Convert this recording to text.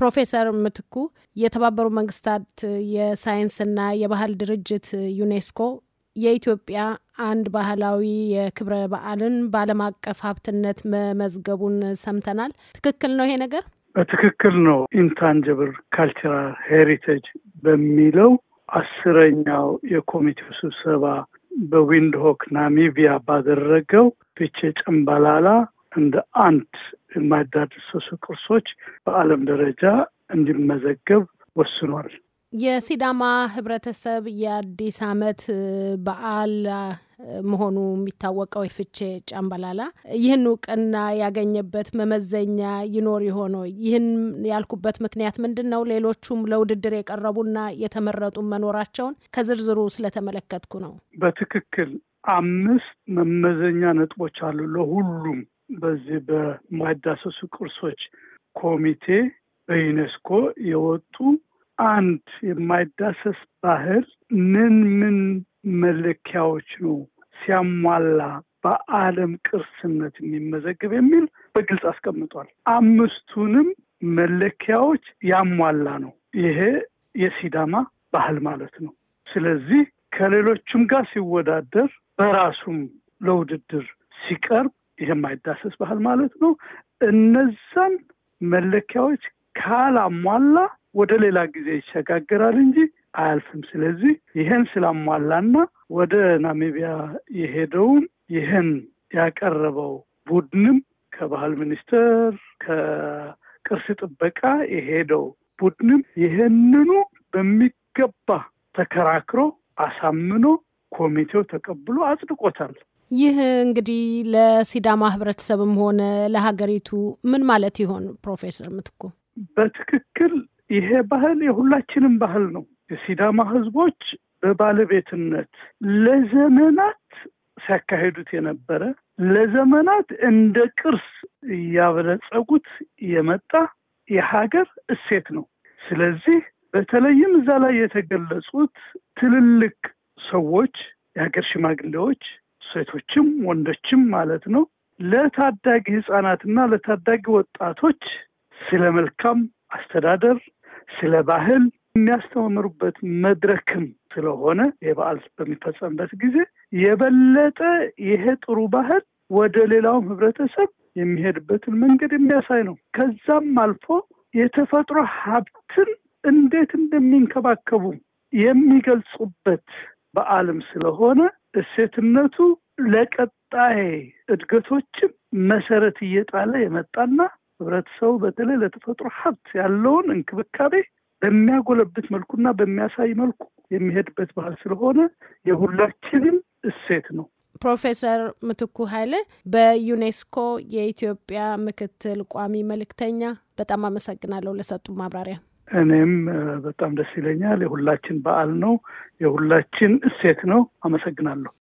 ፕሮፌሰር ምትኩ የተባበሩ መንግስታት የሳይንስና የባህል ድርጅት ዩኔስኮ የኢትዮጵያ አንድ ባህላዊ የክብረ በዓልን በዓለም አቀፍ ሀብትነት መመዝገቡን ሰምተናል። ትክክል ነው ይሄ ነገር? በትክክል ነው። ኢንታንጀብል ካልቸራል ሄሪቴጅ በሚለው አስረኛው የኮሚቴው ስብሰባ በዊንድሆክ ናሚቢያ ባደረገው ፊቼ ጨምባላላ እንደ አንድ የማይዳሰሱ ቅርሶች በዓለም ደረጃ እንዲመዘገብ ወስኗል። የሲዳማ ህብረተሰብ የአዲስ አመት በዓል መሆኑ የሚታወቀው የፍቼ ጫምባላላ ይህን እውቅና ያገኘበት መመዘኛ ይኖር ይሆን? ይህን ያልኩበት ምክንያት ምንድን ነው? ሌሎቹም ለውድድር የቀረቡና የተመረጡ መኖራቸውን ከዝርዝሩ ስለተመለከትኩ ነው። በትክክል አምስት መመዘኛ ነጥቦች አሉ ለሁሉም በዚህ በማይዳሰሱ ቅርሶች ኮሚቴ በዩኔስኮ የወጡ አንድ የማይዳሰስ ባህል ምን ምን መለኪያዎች ነው ሲያሟላ በዓለም ቅርስነት የሚመዘግብ የሚል በግልጽ አስቀምጧል። አምስቱንም መለኪያዎች ያሟላ ነው። ይሄ የሲዳማ ባህል ማለት ነው። ስለዚህ ከሌሎቹም ጋር ሲወዳደር በራሱም ለውድድር ሲቀርብ ይህ የማይዳሰስ ባህል ማለት ነው። እነዛን መለኪያዎች ካላሟላ ወደ ሌላ ጊዜ ይሸጋገራል እንጂ አያልፍም። ስለዚህ ይህን ስላሟላና ወደ ናሚቢያ የሄደውም ይህን ያቀረበው ቡድንም ከባህል ሚኒስተር ከቅርስ ጥበቃ የሄደው ቡድንም ይህንኑ በሚገባ ተከራክሮ አሳምኖ ኮሚቴው ተቀብሎ አጽድቆታል። ይህ እንግዲህ ለሲዳማ ህብረተሰብም ሆነ ለሀገሪቱ ምን ማለት ይሆን ፕሮፌሰር ምትኩ? በትክክል ይሄ ባህል የሁላችንም ባህል ነው። የሲዳማ ህዝቦች በባለቤትነት ለዘመናት ሲያካሂዱት የነበረ ለዘመናት እንደ ቅርስ እያበለጸጉት የመጣ የሀገር እሴት ነው። ስለዚህ በተለይም እዛ ላይ የተገለጹት ትልልቅ ሰዎች የሀገር ሽማግሌዎች ሴቶችም ወንዶችም ማለት ነው ለታዳጊ ህጻናትና ለታዳጊ ወጣቶች ስለ መልካም አስተዳደር፣ ስለ ባህል የሚያስተምሩበት መድረክም ስለሆነ የበዓል በሚፈጸምበት ጊዜ የበለጠ ይሄ ጥሩ ባህል ወደ ሌላውም ህብረተሰብ የሚሄድበትን መንገድ የሚያሳይ ነው። ከዛም አልፎ የተፈጥሮ ሀብትን እንዴት እንደሚንከባከቡ የሚገልጹበት በዓልም ስለሆነ እሴትነቱ ለቀጣይ እድገቶችም መሰረት እየጣለ የመጣና ህብረተሰቡ በተለይ ለተፈጥሮ ሀብት ያለውን እንክብካቤ በሚያጎለብት መልኩና በሚያሳይ መልኩ የሚሄድበት ባህል ስለሆነ የሁላችንም እሴት ነው። ፕሮፌሰር ምትኩ ኃይለ በዩኔስኮ የኢትዮጵያ ምክትል ቋሚ መልእክተኛ፣ በጣም አመሰግናለሁ ለሰጡ ማብራሪያ። እኔም በጣም ደስ ይለኛል። የሁላችን በዓል ነው፣ የሁላችን እሴት ነው። አመሰግናለሁ።